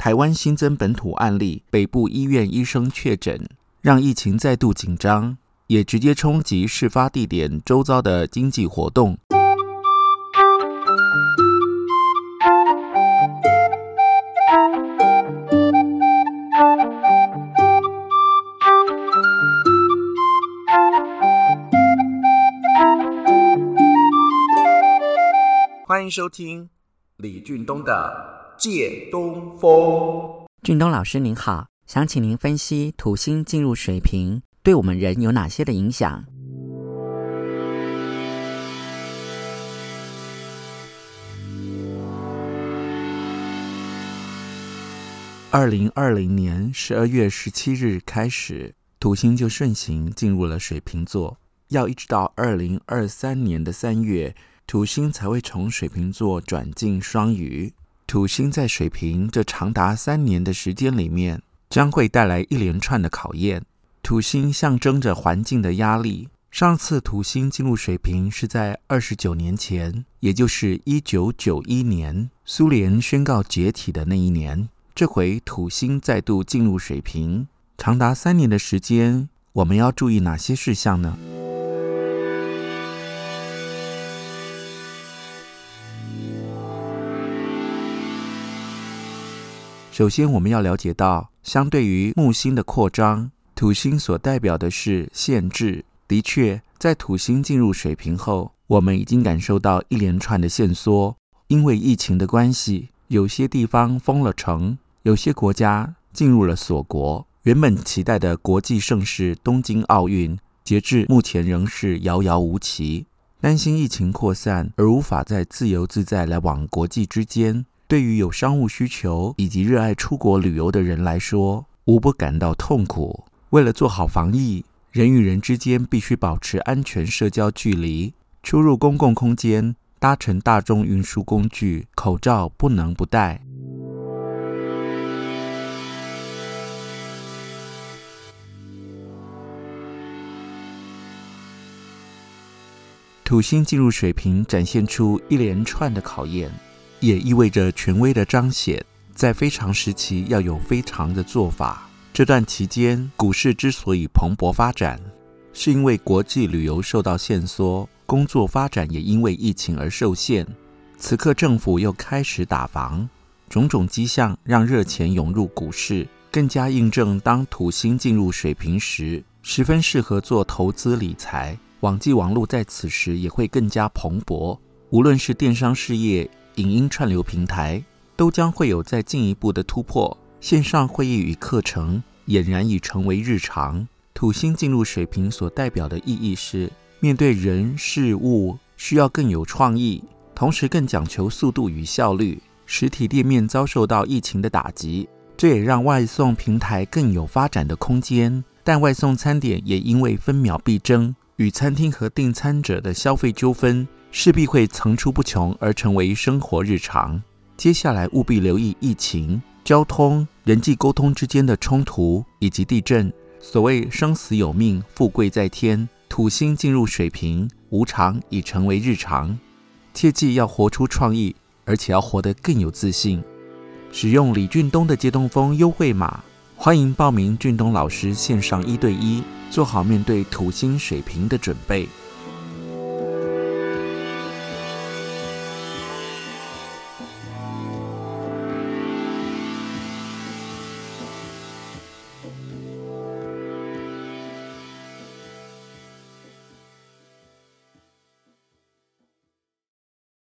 台灣新增本土案例，北部醫院醫生確診，讓疫情再度緊張，也直接衝擊事發地點周遭的經濟活動。歡迎收聽李俊東的。借東風。俊東老師您好，想請您分析土星進入水瓶對我們人有哪些的影響？二零二零年十二月十七日開始，土星就順行進入了水瓶座，要一直到二零二三年的三月，土星才會從水瓶座轉進雙魚。土星在水瓶這長達三年的時間裡面，將會帶來一連串的考驗。土星象徵着環境的壓力。上次土星進入水瓶是在二十九年前，也就是一九九一年，蘇聯宣告解體的那一年。這回土星再度進入水瓶，長達三年的時間，我們要注意哪些事項呢？首先，我們要了解到，相對於木星的擴張，土星所代表的是限制。的確，在土星進入水瓶後，我們已經感受到一連串的限縮。因為疫情的關係，有些地方封了城，有些國家進入了鎖國。原本期待的國際盛事——東京奧運，截至目前仍是遙遙無期。擔心疫情擴散而無法再自由自在來往國際之間。對於有商務需求以及熱愛出國旅遊的人來說，無不感到痛苦。為了做好防疫，人與人之間必須保持安全社交距離，出入公共空間、搭乘大眾運輸工具，口罩不能不戴。土星進入水瓶，展現出一連串的考驗。也意味着權威的彰顯。在非常時期，要有非常的做法。這段期間，股市之所以蓬勃發展，是因為國際旅遊受到限縮，工作發展也因為疫情而受限。此刻政府又開始打房，種種跡象讓熱錢湧入股市，更加印證當土星進入水瓶時，十分適合做投資理財。網際網路在此時也會更加蓬勃，無論是電商事業，影音串流平台都將會有再進一步的突破，線上會議與課程儼然已成為日常。土星進入水瓶所代表的意義是，面對人事物需要更有創意，同時更講求速度與效率。實體店面遭受到疫情的打擊，這也讓外送平台更有發展的空間。但外送餐點也因為分秒必爭，與餐廳和訂餐者的消費糾紛。勢必會層出不窮，而成為生活日常。接下來務必留意疫情、交通、人際溝通之間的衝突，以及地震。所謂生死有命，富貴在天。土星進入水瓶，無常已成為日常。切記要活出創意，而且要活得更有自信。使用李俊東的借東風優惠碼，歡迎報名俊東老師線上一對一。做好面對土星水瓶的準備。